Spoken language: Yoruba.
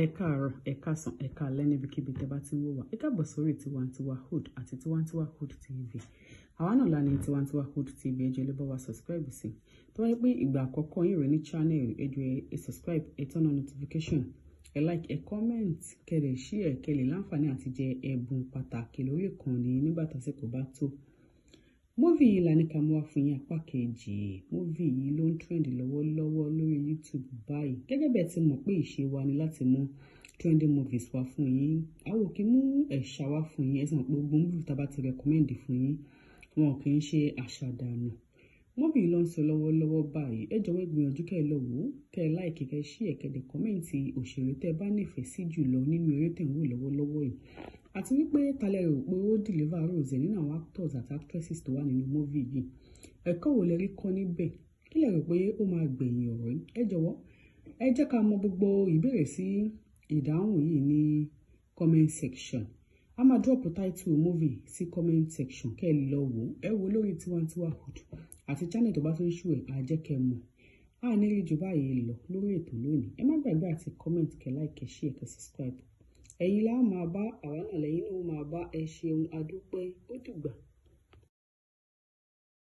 ẹ káàárọ̀ ẹ káàsán ẹ káalẹ́ níbikíbi tẹ́ bá ti ń wò wá ẹ sórí tiwantiwa hood àti tiwantiwa hood tv àwa náà la ní tiwantiwa hood tv ẹ jọ̀ọ́ bá wa subscribe sí tó bá yẹ pé ìgbà àkọ́kọ́ yín rẹ̀ ní channel ẹ jọ̀ọ́ ẹ subscribe ẹ turn on notification ẹ like ẹ comment kẹlẹ share kẹlẹ láǹfààní àti jẹ ẹ̀bùn pàtàkì lórí ìkànnì nígbà tásìkò bá tó múvì yìí la ní ká mú wá fún yín apá kejì múvì yìí ló ń trend lọ́wọ́lọ́wọ́ lórí YouTube báyìí gẹ́gẹ́ bẹ́ẹ̀ ti mọ̀ pé ìṣe wa ni láti mú trending movies wá fún yín àwọn kì í mú ẹ̀ṣà wá fún yín ẹ̀sìn pé gbogbo múvì tá a bá ti recommend fún yín wọn kì í ṣe àṣà dànù múbì ló ń sọ lọ́wọ́lọ́wọ́ báyìí ẹ jọ̀wọ́ gbìyànjú kẹ́ ẹ lọ wò ó kẹ́ ẹ láìkí kẹ́ ẹ ṣí ẹ̀kẹ́dẹ̀ kọ́mẹ́ǹtì òṣèré tẹ́ ẹ bá nífẹ̀ẹ́ sí jù lọ nínú eré tẹ̀ lọ́wọ́lọ́wọ́ yìí àti wípé talẹ̀ rò pé ó dìlẹ́fà rose nínú àwọn actors àti actresses tó wà nínú móvì yìí ẹ̀kọ́ wo lẹ rí kọ́ níbẹ̀ kí lẹ rò pé ó máa gbẹ̀yìn ọ̀rọ̀ yìí ẹ jọ̀wọ́ ẹ jẹ́ ká mọ gbogbo ìbéèrè sí ìdáhùn yìí ní comment section a máa drop title movie sí comment section kẹ́ ẹ lọ wò ẹ wò lórí Tiwantiwa Hood àti channel tó bá tún ṣù ẹ̀ àjẹkẹ́ mọ̀ a ní rí jù báyìí lọ lórí ètò lónìí ẹ má gbàgbé àti comment kẹ́ like kẹ́ share kẹ́ subscribe ẹ̀yin lá máa bá àwa náà lẹ́yìn náà máa bá ẹ ṣeun adúpẹ́ ó dìgbà.